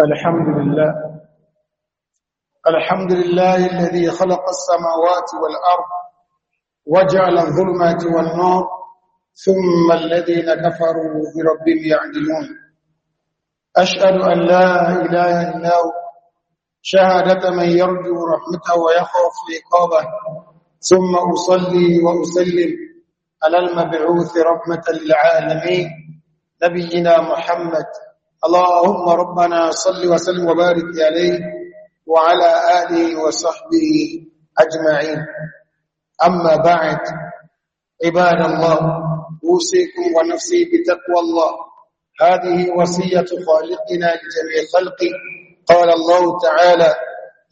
الحمد لله الحمد لله الذي خلق السماوات والأرض وجعل الظلمات والنار ثم الذين كفروا بربهم يعدلون أشهد أن لا إله إلا هو شهادة من يرجو رحمته ويخاف عقابه ثم أصلي وأسلم على المبعوث رحمة للعالمين نبينا محمد اللهم ربنا صل وسلم وبارك عليه وعلى آله وصحبه أجمعين أما بعد عباد الله أوصيكم ونفسي بتقوى الله هذه وصية خالقنا لجميع خلقه قال الله تعالى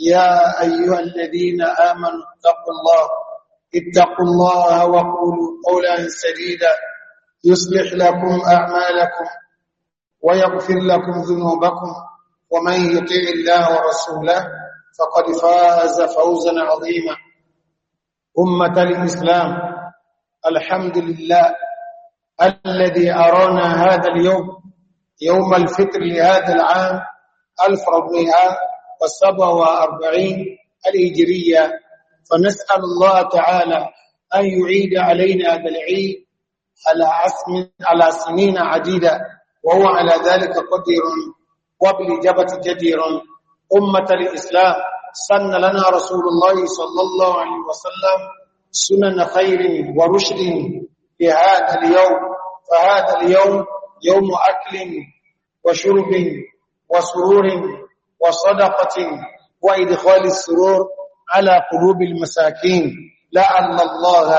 يا أيها الذين آمنوا اتقوا الله اتقوا الله وقولوا قولا سديدا يصلح لكم أعمالكم ويغفر لكم ذنوبكم ومن يطع الله ورسوله فقد فاز فوزا عظيما أمة الإسلام الحمد لله الذي أرانا هذا اليوم يوم الفطر لهذا العام 1447 الهجرية فنسأل الله تعالى أن يعيد علينا هذا العيد على سنين عديدة وهو على ذلك قدير وبالإجابة جدير أمة الإسلام سن لنا رسول الله صلى الله عليه وسلم سنن خير ورشد في هذا اليوم فهذا اليوم يوم أكل وشرب وسرور وصدقة وإدخال السرور على قلوب المساكين لعل الله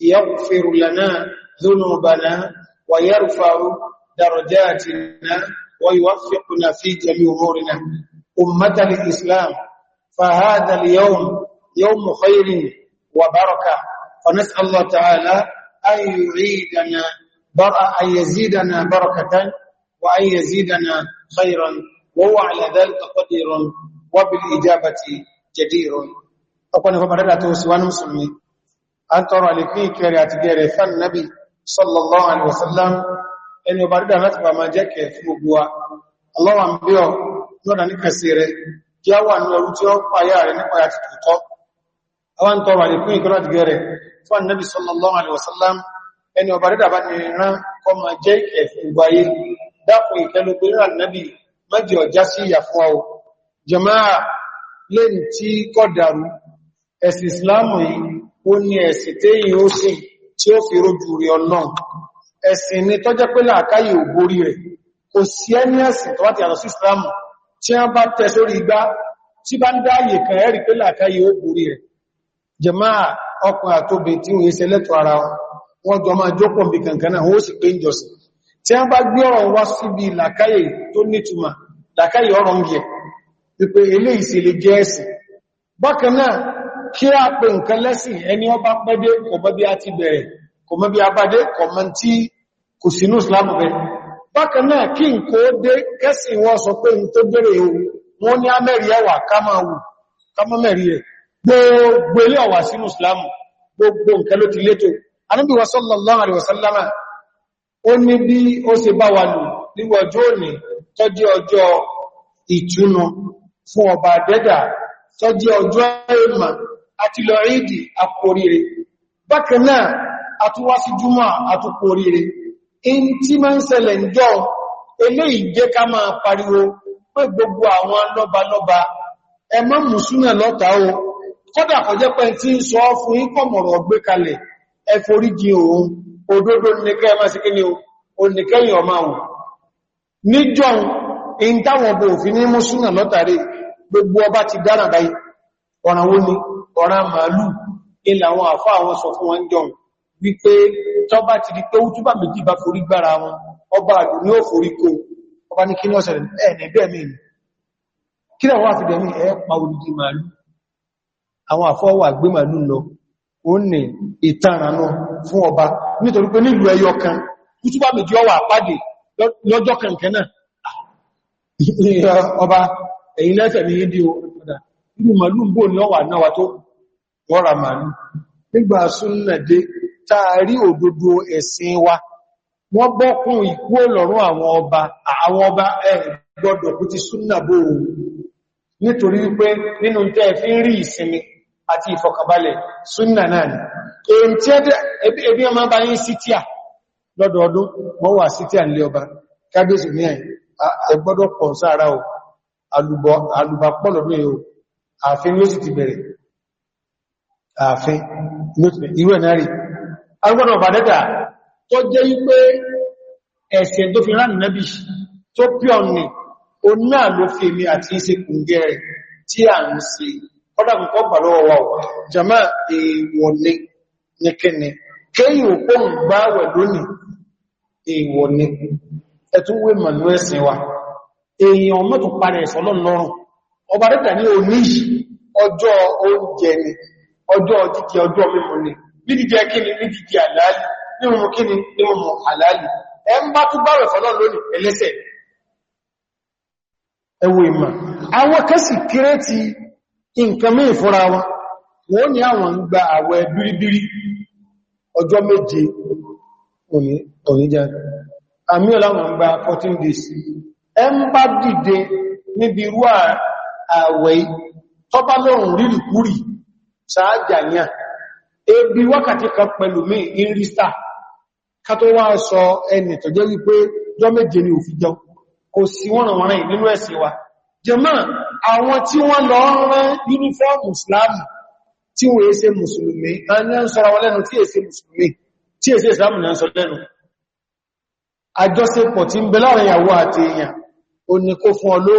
يغفر لنا ذنوبنا ويرفع درجاتنا ويوفقنا في جميع أمورنا أمة الإسلام فهذا اليوم يوم خير وبركة فنسأل الله تعالى أن يعيدنا أن يزيدنا بركة وأن يزيدنا خيرا وهو على ذلك قدير وبالإجابة جدير أقول لكم أن تسوى المسلمين أنت ترى لكي كريات جيري فالنبي sallallahu alaihi wasallam ẹni ọba dídà láti bá máa jẹ́ kẹ fún gbogbo wa ọlọ́wà ń bí ọ lọ́dà ní kẹsì rẹ kí a wà ní ọrú tí ó pàyà rẹ nípa àti tòótọ́ àwọn tó wà nìkún ìkọ́lá dìgẹ́ rẹ fún annabi sallallahu alaihi wasallam ẹni ọba dídà bá ní jama'a lẹ́yìn tí kọ́ dàrú ẹ̀sìn islam yìí ó ní ẹ̀sìn téyìn ó tí ó fi rójú rí ọlọ́n ẹ̀sìn ni tọ́jẹ́ pé láàkáyè ò borí rẹ̀ kò sí ẹni ẹ̀sìn tó wá ti àrọ̀ sí islamu tí wọ́n bá tẹ́ sórí igbá tí bá ń kan pé láàkáyè ó borí rẹ̀ jàmáà ọkùn àtóbi tí wọ́n ara wọn jọ máa jókòó bí kankan náà sì pé ń jọsìn tí bá gbé ọ̀rọ̀ wá síbi làkáyè tó nítumà làkáyè ọ̀rọ̀ ń yẹ wípé eléyìí sì lè jẹ́ ẹ̀sìn bákan náà kí a pè nǹkan lẹ́sìn ẹni ọba pẹ́dé kò mọ̀ bí a ti bẹ̀rẹ̀ kò bí a bá dé kò tí kò sínú islamu bẹ̀ bákan náà kí n kó dé kẹ́sìn wọ́n sọ pé n tó bẹ̀rẹ̀ o wọ́n ní amẹ́rí ẹwà kámọ̀wù islamu gbogbo nǹkan ló ti létò Ànábì wa sallallahu alaihi wasallam ó ní bí ó ṣe bá wà lù níwọ̀ ọjọ́ òní tọ́jú tọ́jú ọjọ́ ìmọ̀ àti lọ ìdì àkóríire bákan náà àtúwá sí júmọ́ àtúkóríire in tí máa ń ṣẹlẹ̀ ń jọ eléyìí jẹ́ ká máa pariwo pé gbogbo àwọn lọ́balọ́ba ẹ má mùsùnà lọ́ta o kódà kò jẹ́ pé tí ń sọ fún ikọ̀mọ̀rọ̀ gbé kalẹ̀ ẹ òun o nìkẹ́yìn ọmọ àwọn níjọ́ in táwọn bò fi ní mùsùnà gbogbo ọba ti dára báyìí ọ̀ràn wọn ni ọ̀ràn màálù ilẹ̀ àwọn àfá àwọn sọ fún wọn jọun wípé tọ́bá ti di pé ó túbà méjì bá forí gbára wọn ọba àlù ní ó forí kó ọba ní kí ní ọ̀sẹ̀ ẹ̀ẹ̀nẹ̀ bẹ́ẹ̀ mìí kí náà wà fi dẹ̀mí ẹ pa olùdí màálù àwọn àfọwà gbé màálù lọ ó ní ìtàrànà fún ọba nítorí pé nílùú ẹyọ kan túbà ẹ̀yìn lẹ́fẹ̀ẹ́ mi yí di ọ̀dá bí màlúù bò ní ọwà náà tó wọ́ra màlúù nígbà súnnàdé táàrí òdodo ẹ̀sìn wa wọ́n bọ́kún ìkú ọlọ́run àwọn ọba àwọn ọba ẹ̀ gbọ́dọ̀ kú ti súnnàbò nítorí wípé nínú tẹ́ fi ń rí ìsinmi àti ìfọkànbalẹ̀ súnnà náà ni èyí tí ẹbí ọmọ bá yí sítíà lọ́dọọdún wọ́n wà sítíà nílé ọba ní ẹ̀ ààfin ló sì ti bẹ̀rẹ̀ ààfin ló ti bẹ̀rẹ̀ irú ẹ̀nà rí agbọ́nà ọ̀bàdẹ́ta tó jẹ́ wípé ẹ̀sẹ̀ tó fi ránì nẹ́bì tó píọ̀n ní o náà ló fi èmi àti ìṣe kùngẹ́ rẹ̀ tí a ń ṣe ọdákùnkọ́ gbà lọ́wọ́ wa parẹ̀ ìsọ́lọ́nà lọ́rùn ọba dẹ́ta ní òní ọjọ́ oúnjẹ ni ọjọ́ títí ọjọ́ mímu ni ní jíjẹ kíni ní jíjẹ àlàálì ní mímu kíni ní mímu àlàálì ẹ ń bá tún báwẹ̀ fọ́lọ́ lónìí ẹlẹ́sẹ̀ ẹwọ ìmọ̀ àwọn kẹsì kéré ti nǹkan mí ìfúnra wọn wọ́n ní àwọn ń gba àwẹ̀ bíríbírí ọjọ́ méje òníjà àmì ọ̀làwọn àwẹ̀ tọ́bá lọ́rùn rírì kúrì sáájàníà ebi wákàtí kan pẹ̀lú mí in rísta ká tó wá sọ ẹni tó jẹ́ wípé jọ méje ni òfin jẹun kò sí wọ́n wọ́n rìn nínú ẹ̀sìn wa jẹmọ́ àwọn tí wọ́n lọ rán yúnífọ́ọ̀mù islamu tí wọ́n èé ṣe mùsùlùmí ní ń sọ́ra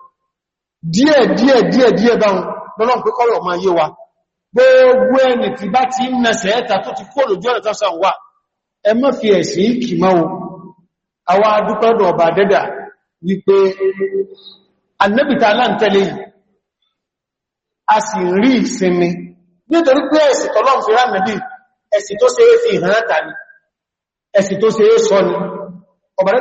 díẹ̀ díẹ̀ díẹ̀ díẹ̀ dáun lọ́lọ́n pé kọ́rọ̀ ma yé wa gbogbo ẹni tí bá ti ń nẹsẹ̀ ẹ́ta tó ti kó lójú ọ̀rẹ́ tásán wà ẹ má fi ẹ̀sìn kì máa o àwa adúpẹ́dọ̀ ọba dẹ́dà wípé annabita aláǹtẹ́lẹ̀ yìí a sì rí ìsinmi nítorí pé ẹ̀sìn tọ́lọ́n fi rá nàbí ẹ̀sìn tó ṣe é fi ìrántà ni ẹ̀sìn tó ṣe é sọ ni ọba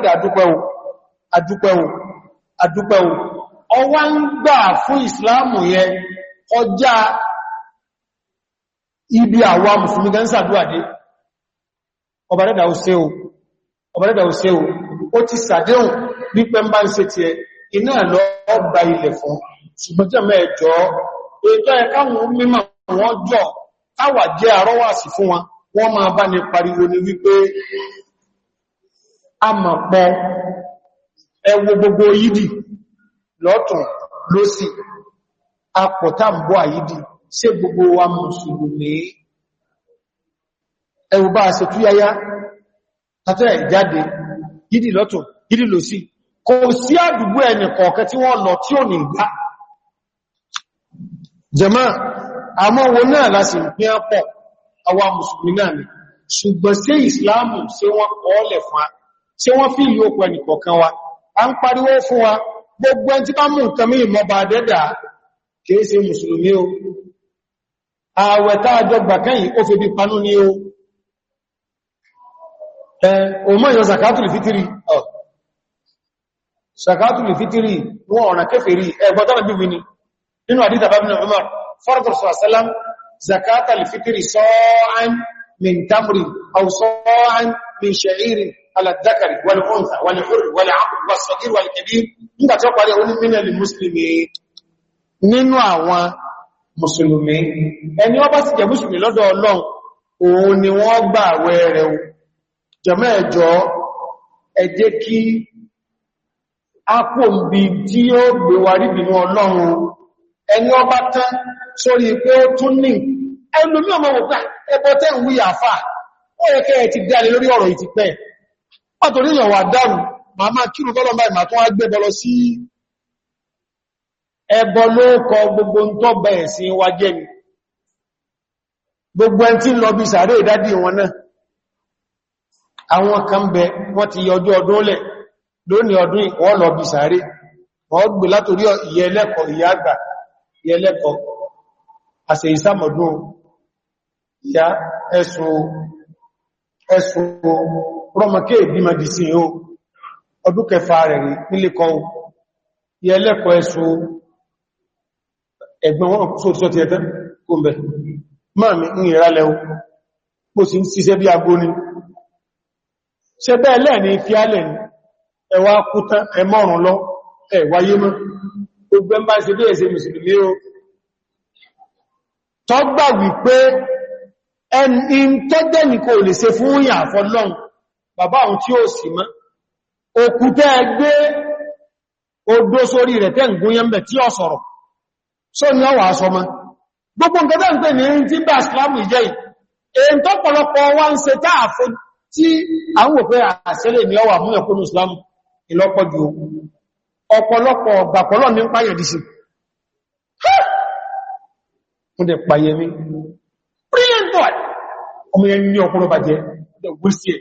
ọwá ń gbà fún ìsìláàmù yẹ ọjá ibi àwa mùsùlùmí gan sàdúwàdé ọbàrẹ́dà òṣè o ọbàrẹ́dà òṣè o ó ti sàdéhùn bí pẹ́mbà ń se ti ẹ iná lọ ọgbà ilẹ̀ fún ṣùgbọ́n jẹ́ mẹ́ẹ̀jọ́ ètò ẹ̀káwọn mímọ̀ wọ́n jọ táwà jẹ́ àrọ́wàsì fún wọn wọ́n máa bá ní pariwo ní wípé a mọ̀ pọ̀ ẹwọ gbogbo yídì lọ́tún lósì apọ̀tàmbọ̀ àyídì ṣe gbogbo wa mùsùlùmí ẹwùbá àṣẹ túyáyá tàtẹ́ ìjáde gidi lọ́tún gidi lósì kò sí àdúgbò ẹni kọ̀ọ̀kẹ́ tí wọ́n lọ tí ò ní gbá jẹma àmọ́ wọn náà lásì ní àpọ̀ àwa mùsùlùmí náà ni ṣùgbọ́n sí ìsìláàmù sí wọ́n kọ́ọ̀lẹ̀ fún wa sí wọ́n fi ìlú okùn ẹni wa a ń pariwo fún wa gbogbo ẹn tí bá mú nǹkan mí mọba dẹ́dà kìí ṣe mùsùlùmí o ààwẹ̀ táàjọ gbàkẹ́yìn ó fi bí panú ní o ọmọ ìyọ zakatuli fitiri ọ̀ zakatuli fitiri wọ́n ọ̀nà kẹfẹ̀rí ẹgbọ́tọ́nà bí wini nínú àdíta bábínà Umar fọ́rọ̀tọ̀ min tamri aw sọ́ọ́án min sha'irin على الذكر والأنثى والحر والعبد والصغير والكبير nígbà tí ó parí ó ní mínà lè mùsùlùmí nínú àwọn mùsùlùmí ẹni wọ́n bá sì jẹ mùsùlùmí lọ́dọ̀ Ọlọ́run òun ni wọ́n gbà àwẹ̀ rẹ̀ jẹmọ́ ẹjọ́ ẹ jẹ́ kí ápòmbi tí ó gbé wa rí bínú Ọlọ́run ẹni wọ́n bá tán sórí pé ó tún ní ẹlòmí ọmọ wòpá ah, ẹbọ tẹ́ ń wí àfà ó yẹ kẹ́ ẹ ti dálé lórí ọ̀rọ̀ ìtìpẹ́ ọ̀tọ̀ ní ìyànwà dáàrù ma máa kírù bọ́lọ̀ báyìí ma tó wá gbé bọ́lọ̀ sí ẹbọ lóòkọ gbogbo ń tọ́ bẹ̀ẹ̀ sí wá jẹ́ gbogbo ẹn tí lọ bí sàárè ìdádì wọn náà àwọn kan bẹ wọ́n ti ọdún lẹ̀ lónìí ọdún wọ́n ẹ̀sùn rọmọké ìbímọ dì sí o ọdún kẹfà rẹ̀ rí nílékọ́ yẹ lẹ́kọ́ ẹ̀sù ẹ̀gbọ́n wọn sóòtọ́ ti ẹ̀tẹ́ kó ń bẹ̀ máa mi ń ìrà lẹ́wọ́ mo sì ń ṣiṣẹ́ bí agbó ni ṣe bẹ́ẹ̀ lẹ́ẹ̀ni fi alẹ̀ ni ẹwà kúta ẹmọ́rùn lọ ẹ̀wáyé mọ́ gbogbo ẹmbá ṣe bí ẹ̀ṣẹ̀ mùsùlùmí o tọ́gbà wípé ẹni tọ́jẹ́ ní kò lè ṣe fún ìyà àfọ́lọ́run bàbá àwọn tí ó sì mọ́ òkú tẹ́ gbé odó sórí rẹ̀ tẹ́ gúnyẹ́mbẹ̀ tí ó sọ̀rọ̀ só ní ọwà asọmọ́ gbogbo nǹkan tẹ́ ń pè ní tí bá islamu ìjẹ́ èyí tó pọ̀lọpọ̀ wá ń ṣe táà fún tí àwọn òpin àṣẹ́lẹ̀ ní ọwà mú ẹkùnú islamu ìlọ́pọ̀jù ọ̀pọ̀lọpọ̀ gbàpọ̀lọ̀ ní páyẹ̀ dìṣe Brilliant boy! Ọmọ yẹn ní ọkùnrin bàjẹ́, the waste here.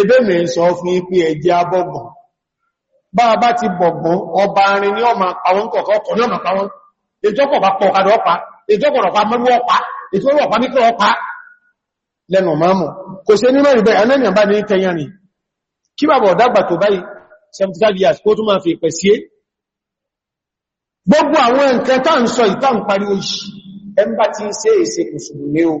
ebe mi sọ fún ipi ẹjẹ́ abọ́gbọ̀n bá a bá ti bọ̀gbọ̀n ọba arin ní ọmọ àwọn kọ̀ọ̀kọ̀ ní ọmọ pàwọn ìjọ́kọ̀ bá pọ̀ ọ̀kadà ọpa ìjọ́kọ̀ ọ̀pá mẹ́rú ọpa ìtòrò ọ̀pá mẹ́kọ̀ ọpa lẹ́nu mọ́mù kò sí ní mẹ́rin bẹ́ẹ̀ anẹ́nìyàn bá ní tẹyàn ni kí bàbá ọ̀dàgbà tó báyìí 75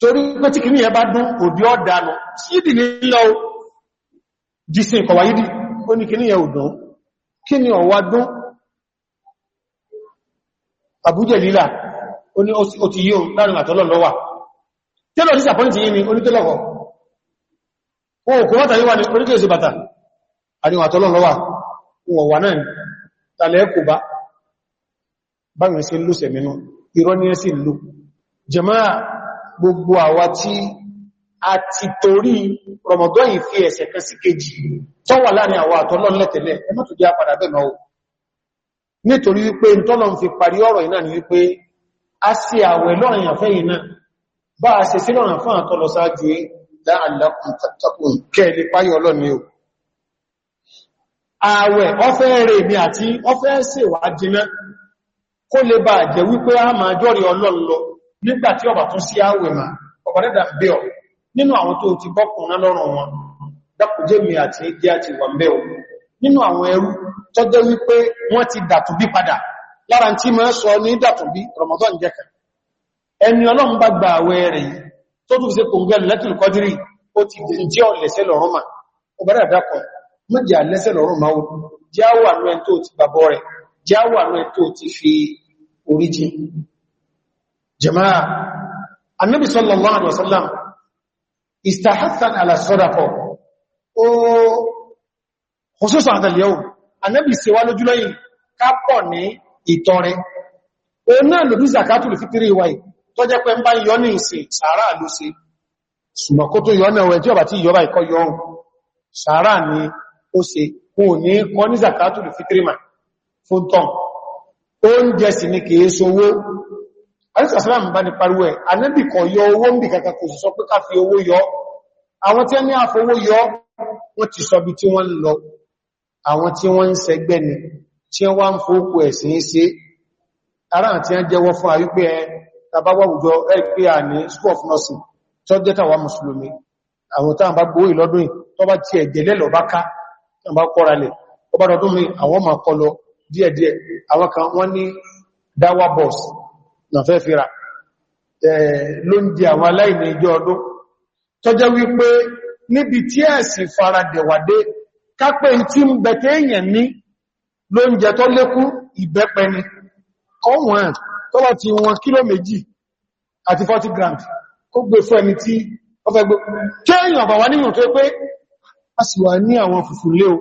torí pé tí kìí ẹbá dún òdí ọ̀dánù sídì nílọ jísìn ìkọ̀wà yìí ó ní kìí ẹ òdún kí ni ọ̀wà dún àbújẹ̀ lílà ó ní ó ti yíò láàrin àtọ́lọ̀ lọ́wà tẹ́lọ̀ disappoint yìí ni onítẹ́lọ̀kọ̀ ohun kò bàtà yíwà ní oríkèèsì bàtà àríwà àtọ́lọ̀ lọ́wà wọ̀ wà náà tàlẹ́ kò sí lóṣẹ̀ mẹ́nu gbogbo àwa tí a ti torí Ramadan yìí fi ẹ̀ṣẹ̀ kan sí kejì tó wà láàrin àwa àtọ́lọ́lẹ́tẹ̀lẹ́ ẹ má tó jẹ́ àpadà bẹ́ẹ̀ náà nítorí wípé tọ́lọ̀ fi parí ọ̀rọ̀ iná ni wípé a sí àwẹ̀ lọ́rin àfẹ́ iná bá a o àwẹ̀ ọfẹ́ rẹ̀ mi àti ọfẹ́ sì wà jiná kó lè nígbà tí ọba tún sí àwẹ̀ ma ọba rẹ̀dà bẹ́ ọ nínú àwọn tó ti bọ́kùn náà lọ́rùn wọn dákùjẹ́ mi àti ẹgbẹ́ àti wà ń bẹ́ ọ nínú àwọn ẹrú tó jẹ́ wípé wọ́n ti dàtùbí padà lára tí mọ́ sọ ní dàtùbí Ramadan jẹ́kà ẹni ọlọ́run bá gba àwẹ̀ rẹ̀ tó tún ṣe kòǹgẹ́ lẹ́tùl kọdírì ó ti dèjì ọ lẹ́sẹ̀ lọ́rùn ma ọba rẹ̀ dákọ̀ mọ́jà lẹ́sẹ̀ lọ́rùn ma ó jáwà جماعة النبي صلى الله عليه وسلم استحثا على الصدقة خصوصا هذا اليوم النبي سوى لجلين كابوني ìtọrẹ o náà lòdí zakatù lè fítírì wáyé tó jẹ́ pé ń bá yọ ní ìsìn sàárà ló ṣe ṣùgbọ́n kó tó yọ náà wẹ̀ tí ọba tí ìyọba ìkọ yọ sàárà ni ó ṣe kò ní kọ́ ní zakatù lè fítírì mà fún tán oúnjẹ sì ni kìí sowó àrísàsíláàmù bá ní pariwẹ̀ anẹ́bìkọ̀ yọ owó ń bì kàkà kò sì sọ pé ká fi owó yọ àwọn tí a ní àfowó yọ wọ́n ti sọ bí tí wọ́n lọ àwọn tí wọ́n ń sẹgbẹ́ ni tí wọ́n ń fòókù ẹ̀sìn sí ara àti a jẹ́wọ́ fún àwípẹ́ tàbáwàwùjọ lpa ní school of nursing tó jẹ́ tàwà mùsùlùmí àwọn tàà bá gbóyè lọ́dún tó bá ti tàbá kọ́ralẹ̀ ọbádọdún mi àwọn na fẹ́ fira ló ń di àwọn aláìní ìjọ ọdún tó jẹ́ wípé níbi tí ẹ̀sì faradẹ̀wàdé kápẹ́ tí ń bẹ̀tẹ̀ èèyàn ní ló ń jẹ tó lékú ìbẹ́pẹ ni ọwọ̀n tó bá ti wọn kílò méjì àti 40 grand kó gbé fún ẹni tí ó fẹ́ gbé tí èèyàn bá wá níyàn tó pé a sì wà ní àwọn fùfù lé o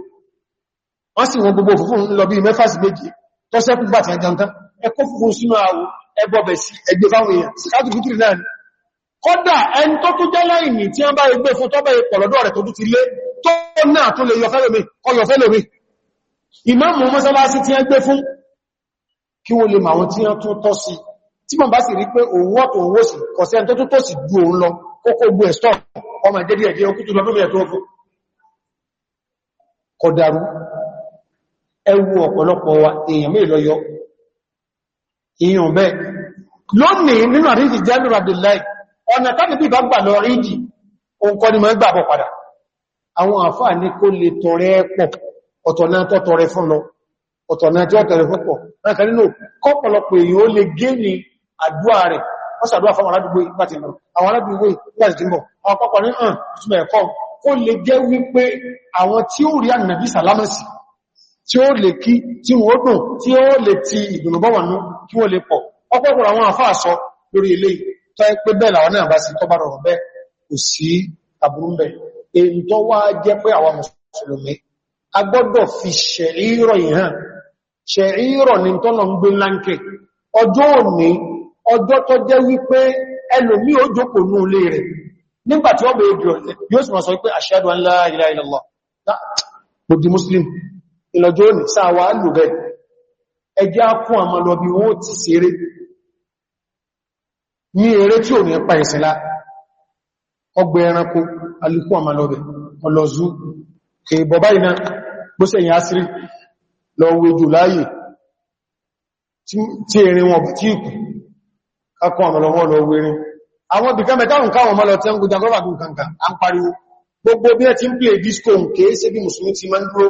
wọ́n ẹkọ́ fùfù sínú àwọ̀ ẹgbọ́bẹ̀ sí ẹgbẹ́ fáwọn èèyàn síkátù fítìrì náà ni kọ́dà ẹni tó tó jẹ́ láìní tí wọ́n bá ẹgbẹ́ fún tọ́bẹ̀ pọ̀lọ́dọ̀ rẹ̀ tó tó ti lé tó náà tó lè yọfẹ́lómi ọyọfẹ́lómi ìmáàmù mọ́sálásí tí wọ́n gbé fún kí wọ́n lè máa wọn tí wọ́n tún tọ́ sí tí wọ́n bá sì rí pé òun ọ̀tọ̀ òun òsì kọ̀ sí lọ kókó ìyàn bẹ́ẹ̀ lónìí nínú àríjì jẹ́lú abdullahi ọ̀nà tàbí bí bá gbà lọ ríjì oúnkọ́ ni máa gbàbọ̀ padà àwọn àfáà ní kó lè tọrẹ pọ̀ ọ̀tọ̀nà tó tọrẹ fún lọ ọ̀tọ̀nà tí ó tọrẹ fún pọ̀ láti nínú kọ́pọ̀lọpọ̀ èyí ó lè gé ní àdúà rẹ̀ wọ́n sàdúà fún aládùgbò ìgbàtí lọ àwọn aládùgbò ìgbàtí tí ń bọ̀ àwọn pọ̀pọ̀ tí ó lè kí tí wọ́n dùn tí ó lè ti ìdùnnúbọ́wọ̀nú kí wọ́n lè pọ̀ ọ̀pọ̀pọ̀ àwọn àfáà sọ lórí ilé tó ẹ pé bẹ́ẹ̀ làwọn náà bá sí tọ́bá rọrọ̀ bẹ́ẹ̀ kò sí àbúrú bẹ̀ èyí tó wá jẹ́ pé àwọn mùsùlùmí a gbọ́dọ̀ fi ṣẹ̀rírọ̀ ìhàn ṣẹ̀rírọ̀ ni tọ́nà ń gbé láńkẹ̀ ọjọ́ òní ọjọ́ tó jẹ́ wípé ẹlòmí ó jókòó ní ilé rẹ̀ nígbàtí wọ́n bèèrè yóò sì mọ̀ sọ pé ashhadu an la ilaha muslim ìlọ́jọ́ òní sáwà lò bẹ́ ẹjẹ́ ákún àmà lọ bí wọ́n ti ṣeré ní eré tí ò ní pa ìsìnlá ọgbẹ̀ ẹranko alìkún àmà lọ bẹ̀ ọlọ́zú kèbọ̀bá iná gbóṣẹ̀ ìyá sírí lọ wejò láàyè tí erin wọn tí ìkù kákún àmà lọ́wọ́ lọ wérin àwọn ibìkan mẹ́tàrùn káwọn mọ́ lọ tí ń gúnjà gọ́bà gùn a ń pariwo gbogbo bí ẹ ti ń pè disco ń kéé sí bí mùsùlùmí ti máa ń dúró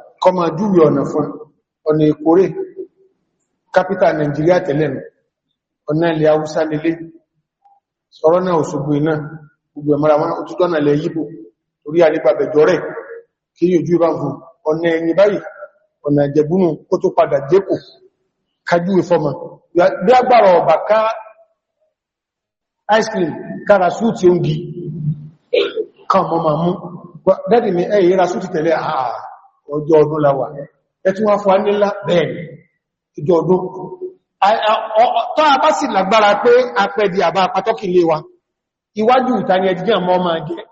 kọmọ júwẹ ọ̀nà fún ọ̀nà ìkórè kápítà Nàìjíríà tẹ́lẹ̀nù ọ̀nà ilẹ̀ Haúsá lélé sọ̀rọ̀ náà Òṣogbo iná gbogbo ẹ̀mọ́ra wọn ó tútọ́nà ilẹ̀ yíbò torí àrígbàbẹ̀jọ rẹ̀ kí yóò jú ìbáfún ọ̀nà ẹ̀yìn báyìí ọ̀nà ice cream kára súùtì oúnjẹ kan mọ́ màmú dẹ́dì ni ẹ̀yìn tẹ̀lé àà ọjọ́ ọdún láwà ẹtún wá fún anílá bẹ́ẹ̀ni ìjọ ọdún tọ́ a bá sì lágbára pé apẹ́dì àbá pàtọ́kì lé wa iwájú ìta ni ẹjíjẹ́ mọ́ máa jẹ́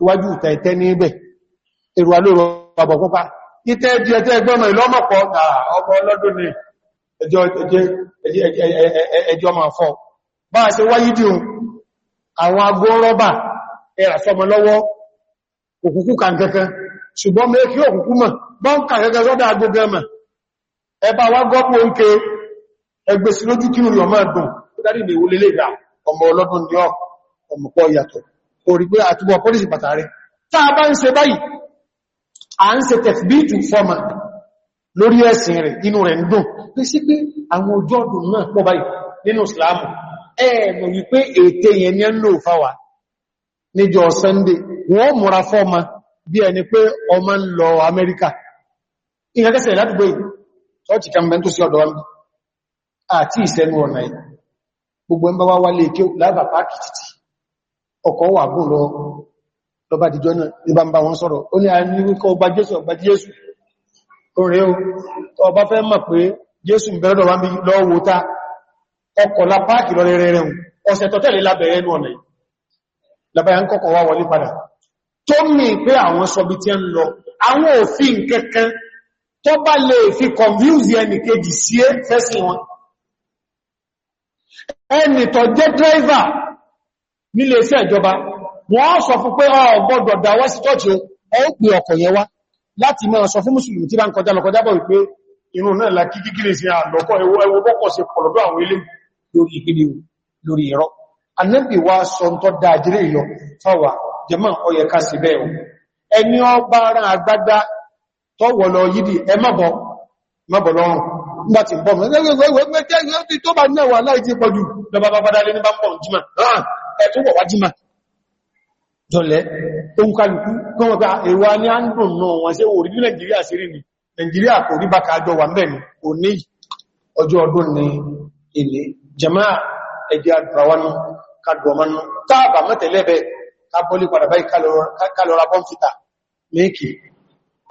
iwájú ìta ẹ̀tẹ́ ní ibẹ̀ èrò alóòrò àbọ̀ púpá ìtẹ́ ẹjí ẹjẹ́ ẹgbọ́mọ̀ ìlọ́mọ̀pọ̀ ọmọ ọlọ́dún ni ẹjọ́ máa fọ́ bá a ṣe wáyé dìun àwọn agbó rọ́bà ẹ̀rà ṣùgbọ́n mẹ́ kí òkùnkú mọ̀ bọ́ǹkà gẹ́gẹ́ sọ́dá agogo ẹmà ẹba wá gọ́pù oúnjẹ ẹgbẹ̀ sí lójú kí orí ọmọ ẹ̀dùn tó dárí ní ìwò lélẹ̀ ìgbà ọmọ ọlọ́dún ní ọmọpọ̀ ìyàtọ̀ orí pé àtúbọ̀ pọ́lìsì pàtàrí tá a bá ń ṣe báyìí à ń ṣe tẹ̀fìbìtì fọ́mà lórí ẹ̀sìn rẹ̀ inú rẹ̀ ń dùn pé sí pé àwọn ojú ọdún náà pọ̀ báyìí nínú Islam ẹ̀ẹ̀mù wípé ète yẹn ní ẹ̀ fáwà níjọ Sunday wọ́n múra fọ́mà bí ẹni pé ọmọ ń lọ Amẹ́ríkà ìrẹ́kẹsẹ̀ ládùgbò ìlú ṣọ́ọ̀tì kàmbẹ̀ tó sí ọ̀dọ̀ wọn àti ìsẹ́nu ọ̀nà ẹ̀ gbogbo ẹmbá wá wálé kí láàbà páàkì títì ọkọ̀ wà gùn lọ lọba dìjọ́ náà ní bá ń bá wọn sọ̀rọ̀ ó ní àníwíkọ́ ọba la páàkì lọ labaya ń kọ́kọ̀ wá wọlé tó mì pé àwọn sọbi tí ń lọ àwọn òfin kẹ́kẹ́ tó bá lè fi confuse ẹni kejì sí é fẹ́sìn wọn ẹni tó jẹ́ driver nílé iṣẹ́ ìjọba wọ́n sọ fún pé ọ gbọ́dọ̀ dáwọ́ sí tọ́ọ̀tì ẹ ó pè ọkọ̀ yẹn wá láti máa sọ fún mùsùlùmí tí bá ń kọjá lọ́kọjá bọ̀ wípé inú náà la kí kíkiri sí àlọ́kọ́ ẹwọ bọ́kọ̀ sí pọ̀lọ̀dọ́ àwọn ilé lórí ìpínlẹ̀ lórí ìrọ́ anẹ́bì wá sọ tọ́ dáa jẹ́rẹ̀ ìlọ jẹmọ́ ọyẹ ká sí bẹ́ẹ̀ o ẹni ọ bá ara àgbádá tọ́wọ̀ lọ yìí ẹ mọ́bọ̀ mọ́bọ̀ lọ́rùn láti bọ́ jọlẹ̀ oúnkàlùkú kan wọ́n pé èwà ní à ń dùn náà wọ́n sí orí ní Nàìjíríà sí rí ni Nàìjíríà kò rí bákà àjọ wà mẹ́rin kò ní ọjọ́ ọdún ní ilé jama'a ẹgbẹ́ àdúrawánú kàdùọmánú tààbà mẹ́tẹ̀lẹ́bẹ̀ẹ́ kábọ́lé padà báyìí kálọ̀ra bọ́nfítà lẹ́ẹ̀kì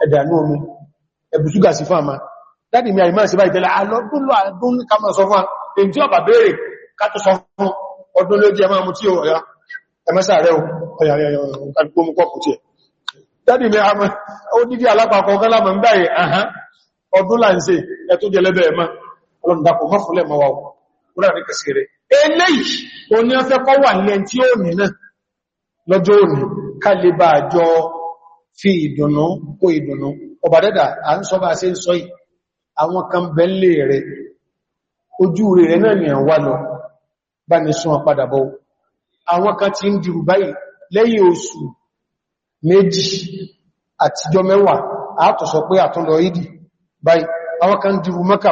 ẹ̀dànú omi ẹ̀bù ṣúgà sí fún àmà dáàdì mi àìmáà sí báyìí tẹ́lá alọ́gbọ́nlọ́ àgbọ́n kàmọ̀ sọ fún èyí tí ó bà bèèrè kátó sọ fún ọdún ló jẹ́ máa mú tí ó ọ̀yá ẹmẹ́sà rẹ̀ ọ̀yà ọ̀yà ọ̀yà ọ̀yà lọ́jọ́ òní kálé bá jọ fi ìdùnnú kó ìdùnnú ọba dẹ́dà a ń sọ bá ṣe ń sọ yìí àwọn kan bẹ̀lẹ̀ rẹ̀ ojú rẹ̀ náà ni àwà lọ bá ní sún àpadàbọ̀ àwọn kan ti ń dìrù báyìí lẹ́yìn oṣù méjì àtijọ́ mẹ́wàá àátọ̀sọ pé àtúnlọ ìdì báyìí àwọn kan dìrù mọ́kà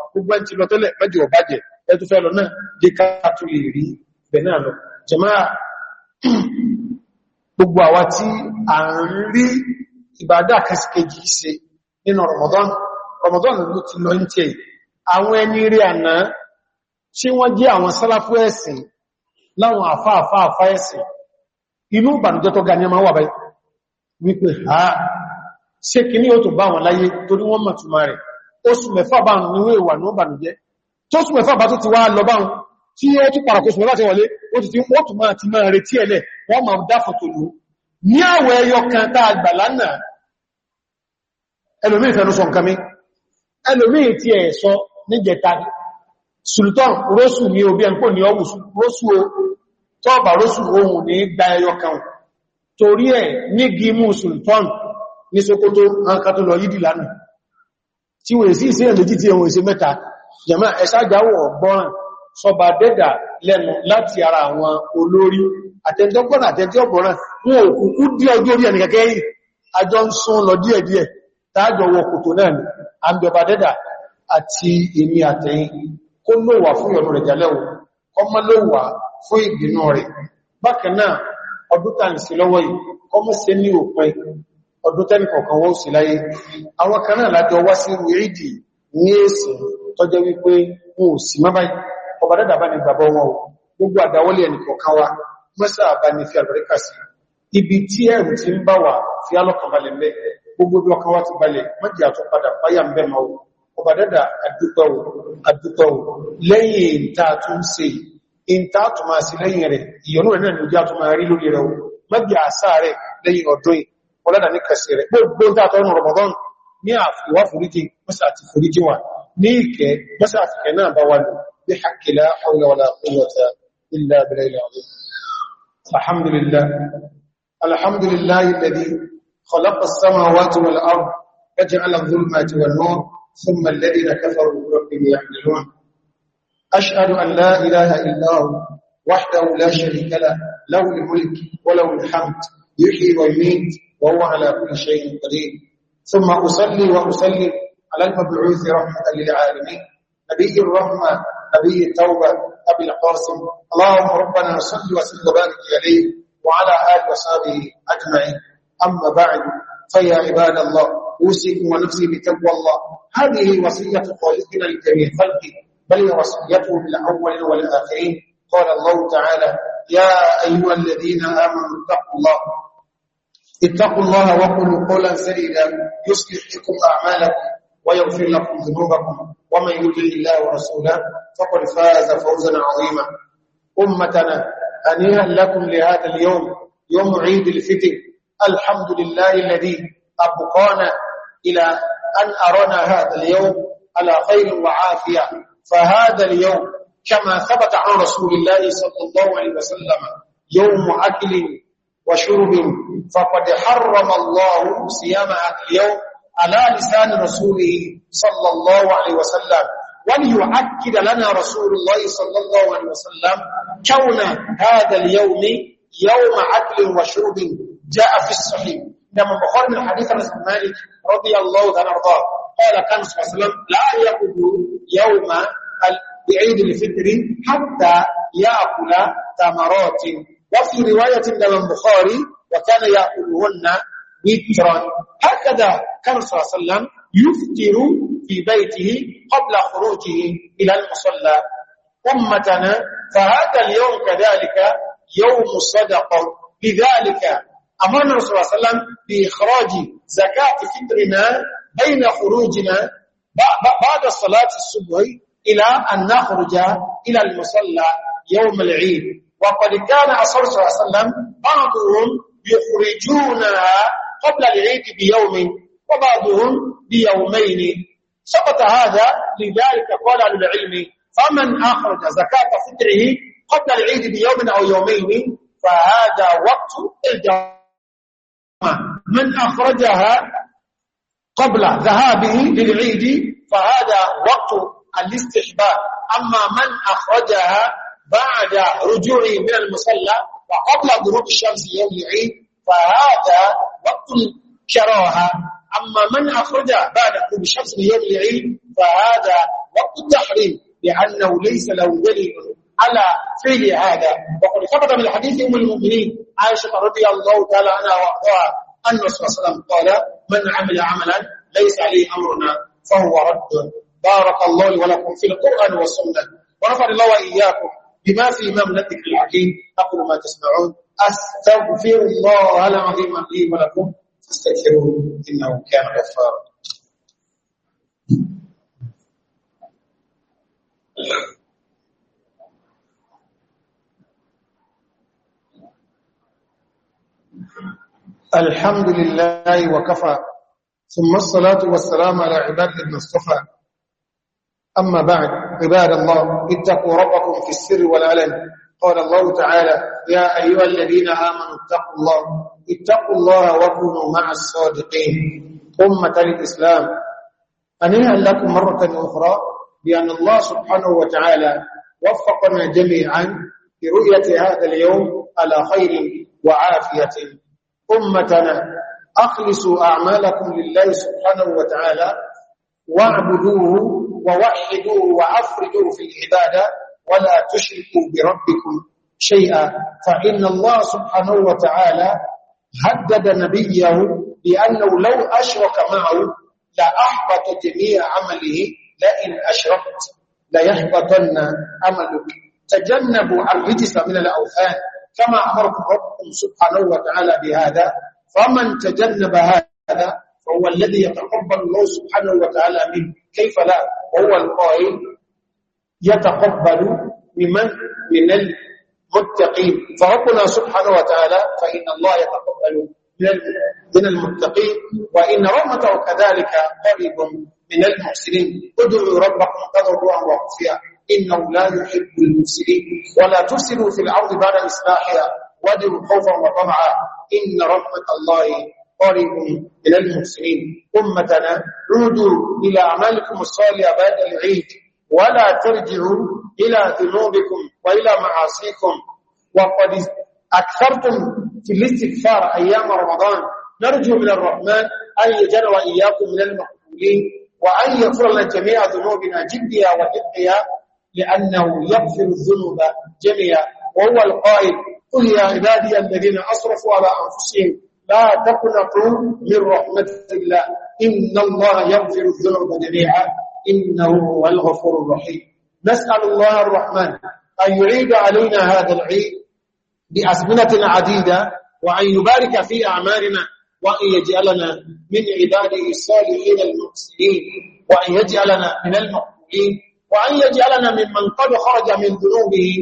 gbogbo ẹn ti lọ tẹ́lẹ̀ mẹ́jọ ọ̀bájẹ̀ ẹ tó fẹ́ lọ náà jẹ́ ká tó lè rí bẹ̀ náà lọ jàmáà gbogbo àwa tí a ń rí ìbádà kẹsìkejì ṣe nínú Ramadan Ramadan ló ti lọ ń tẹ́ àwọn ẹni rí àná tí wọ́n jẹ́ àwọn sálàfú ẹ̀sìn láwọn àfáàfáàfá ẹ̀sìn inú ha ṣe kí ní ó tó bá wọn láyé torí wọ́n mọ̀túnmà rẹ̀ oṣù mẹ́fà bá ń níwé wà ní ọbànújẹ́ tó oṣù mẹ́fà bá tó ti wá lọ bá ń tí ẹ tó pàràkó oṣù mẹ́fà ti wọlé ó ti tí wọ́n tó máa ti máa retí ẹlẹ̀ wọ́n máa dáfò tó lú ní àwẹ̀ ẹyọ kan tá àgbà lánàá ẹlòmíì sultan rosu ni obi ẹnkò ní rosu o rosu ohun ní gba ẹyọ kan sultan ní Sokoto ankato lọ yídì tí wọ́n sí ìsẹ́ méjì tí wọ́n sí mẹ́ta jẹ̀mọ́ ẹ̀ṣàgbáwọ̀ ọ̀gbọ́n sọba dẹ́dà lẹ́nu láti ara àwọn olórí àtẹ́jọ́gbọ́n àtẹ́jọ́gbọ́n wọn ò kúkú dí ọjọ́ orí ẹnìkẹ́kẹ́ yìí àjọ ń sún lọ díẹ̀díẹ̀ táàjọ wọ kòtò náà ni àmìọba dẹ́dà àti èmi àtẹ́yìn kó lówà ọdún tàǹsí lọ́wọ́ yìí kọmọ sí ní òpin ọdún tẹ́rì kọ̀ọ̀kan wó sí láyé àwọn kan náà lájọ wá sí rídì ní èsì tọ́jẹ́ wípé wọn ò sí mábáyì ọba dẹ́dà bá ní gbàbọ́ wọn o gbogbo àdáwọlé ẹnìkọ̀ọ̀kan wa mẹ́sà bá ní fi àlùbáríkà sí ibi tí ẹ̀rù ti ń bá wà fi alọ́kànbalẹ̀ mẹ́ gbogbo bí ọkàn wa ti balẹ̀ mọ́jì lẹ́yìn rẹ̀ ìyọnú rẹ̀ náà ni ojú àtúnmà rí lórí rẹ̀ o mọ́bí àṣà rẹ̀ lẹ́yìn ọdún yìí ọlọ́nà ní kẹsì rẹ̀ gbogbo dátọ́nù Ramadan ní àfíwá foríjì mọ́sá àti foríjì wà ní ìkẹ́ mọ́sá àti kẹ náà bá wà lò bí hakila hawla wala quwwata illa billahi al-azim alhamdulillah alhamdulillah alladhi khalaqa as-samawati wal ard yaj'al adh-dhulumati wan nur thumma alladhina kafaru bi rabbihim ya'dilun ashhadu وهو على كل شيء قدير ثم أصلي وأسلم على المبعوث رحمة للعالمين نبي الرحمة نبي التوبة أبي القاسم اللهم ربنا صل وسلم وبارك عليه وعلى آله وصحبه أجمعين أما بعد فيا عباد الله أوصيكم ونفسي بتقوى الله هذه وصية خالقنا لجميع خلقه بل وصيته بالأول والآخرين قال الله تعالى يا أيها الذين آمنوا اتقوا الله اتقوا الله وقولوا قولا سديدا يصلح لكم أعمالكم ويغفر لكم ذنوبكم ومن يطع الله ورسوله فقد فاز فوزا عظيما أمتنا أنيها لكم لهذا اليوم يوم عيد الفطر الحمد لله الذي أبقانا إلى أن أرانا هذا اليوم على خير وعافية فهذا اليوم كما ثبت عن رسول الله صلى الله عليه وسلم يوم أكل وشرب فقد حرم الله صيام هذا اليوم على لسان رسوله صلى الله عليه وسلم وليؤكد لنا رسول الله صلى الله عليه وسلم كون هذا اليوم يوم عدل وشرب جاء في الصحيح لما بخار من حديث رسول مالك رضي الله عنه ارضاه قال كان صلى الله عليه وسلم لا يقض يوم بعيد الفطر حتى ياكل ثمرات وفي رواية من البخاري وكان يأكلهن وترا هكذا كان صلى الله عليه وسلم يفطر في بيته قبل خروجه إلى المصلى أمتنا فهذا اليوم كذلك يوم الصدقة لذلك أمرنا الرسول صلى الله عليه وسلم بإخراج زكاة فطرنا بين خروجنا بعد صلاة الصبح إلى أن نخرج إلى المصلى يوم العيد وقد كان صلى الله عليه وسلم بعضهم يخرجونها قبل العيد بيوم وبعضهم بيومين سقط هذا لذلك قال عن العلم فمن أخرج زكاة فطره قبل العيد بيوم أو يومين فهذا وقت الجامعة من أخرجها قبل ذهابه للعيد فهذا وقت الاستحباب أما من أخرجها بعد رجوعه من المصلى وقبل غروب الشمس يوم العيد فهذا وقت الكراهة أما من أخرج بعد غروب الشمس يوم العيد فهذا وقت التحريم لأنه ليس له دليل على فعل هذا وقد ثبت من حديث أم المؤمنين عائشة رضي الله تعالى عنها وأرضاها أن الرسول صلى الله عليه وسلم قال من عمل عملا ليس عليه أمرنا فهو رد بارك الله لي ولكم في القرآن والسنة ونفر الله وإياكم بما في مملكة الحكيم أقول ما تسمعون أستغفر الله العظيم لي ولكم فاستغفروه إنه كان غفارا الحمد لله وكفى ثم الصلاة والسلام على عباد المصطفى أما بعد عباد الله اتقوا ربكم في السر والعلن قال الله تعالى يا أيها الذين آمنوا اتقوا الله اتقوا الله وكونوا مع الصادقين أمة الإسلام أنيها لكم مرة أخرى بأن الله سبحانه وتعالى وفقنا جميعا برؤية هذا اليوم على خير وعافية أمتنا أخلصوا أعمالكم لله سبحانه وتعالى واعبدوه ووحدوه وأفردوه في العبادة ولا تشركوا بربكم شيئا فإن الله سبحانه وتعالى هدد نبيه بأنه لو أشرك معه لأحبط جميع عمله لئن أشركت ليحبطن عملك تجنبوا الرجس من الأوثان كما أمركم ربكم سبحانه وتعالى بهذا فمن تجنب هذا فهو الذي يتقبل الله سبحانه وتعالى منه كيف لا هو القائل يتقبل بمن من المتقين فربنا سبحانه وتعالى فإن الله يتقبل من المتقين وإن رحمته كذلك قريب من المحسنين ادعوا ربكم تضرعا وخفيا إنه لا يحب المفسدين ولا تفسدوا في الأرض بعد إصلاحها وادعوا خوفا وطمعا إن رحمة الله قريب إلى المحسنين أمتنا عودوا إلى أعمالكم الصالحة بعد العيد ولا ترجعوا إلى ذنوبكم وإلى معاصيكم وقد أكثرتم في الاستغفار أيام رمضان نرجو من الرحمن أن يجر وإياكم من المقبولين وأن يغفر لنا جميع ذنوبنا جديا وإبقيا لأنه يغفر الذنوب جميعا وهو القائل قل يا عبادي الذين أصرفوا على أنفسهم لا تقنطوا من رحمة الله إن الله يغفر الذنوب جميعا إنه هو الغفور الرحيم نسأل الله الرحمن أن يعيد علينا هذا العيد بأزمنة عديدة وأن يبارك في أعمارنا وأن يجعلنا من عباده الصالحين المحسنين وأن يجعلنا من المقبولين وأن يجعلنا ممن قد خرج من ذنوبه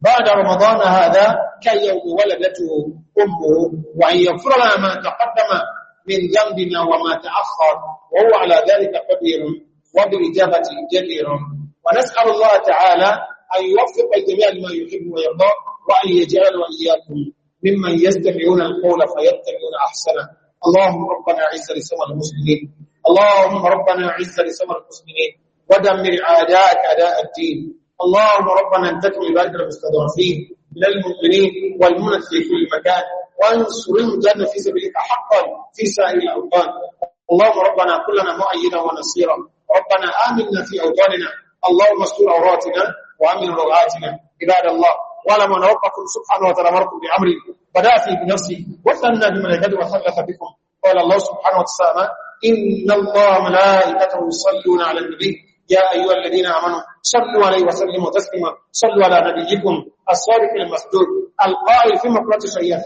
بعد رمضان هذا يوم ولدته أمه وأن يغفر لها ما تقدم من ذنبنا وما تأخر وهو على ذلك قدير وبإجابة جدير ونسأل الله تعالى أن يوفق الجميع لما يحب ويرضى وأن يجعل وإياكم ممن يستمعون القول فيتبعون أحسنه اللهم ربنا عز لسوى المسلمين اللهم ربنا عز لسوى المسلمين ودمر أعداءك أداء الدين اللهم ربنا انتكم عبادك المستضعفين للمؤمنين والمنس في كل مكان وانصرهم جنة في سبيلك حقا في سائر الأوطان اللهم ربنا كلنا مؤيدا ونصيرا ربنا آمنا في أوطاننا اللهم استر عوراتنا وأمن روعاتنا عباد الله ولم ربكم سبحانه وتعالى امركم بأمره بدأ في بنفسه وثنى يجد وثلث بكم قال الله سبحانه وتعالى إن الله ملائكته يصلون على النبي يا أيها الذين آمنوا صلوا عليه وسلموا تسليما صلوا على نبيكم الصادق المصدوق القائل في مقرة شيئا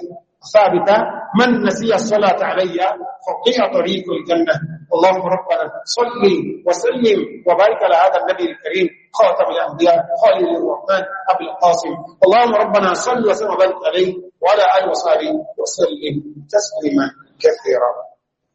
ثابتة من نسي الصلاة علي فقي طريق الجنة اللهم ربنا صلي وسلم وبارك على هذا النبي الكريم خاتم الأنبياء خالد الرحمن أبي القاسم اللهم ربنا صل وسلم وبارك عليه وعلى آله وصحبه وسلم تسليما كثيرا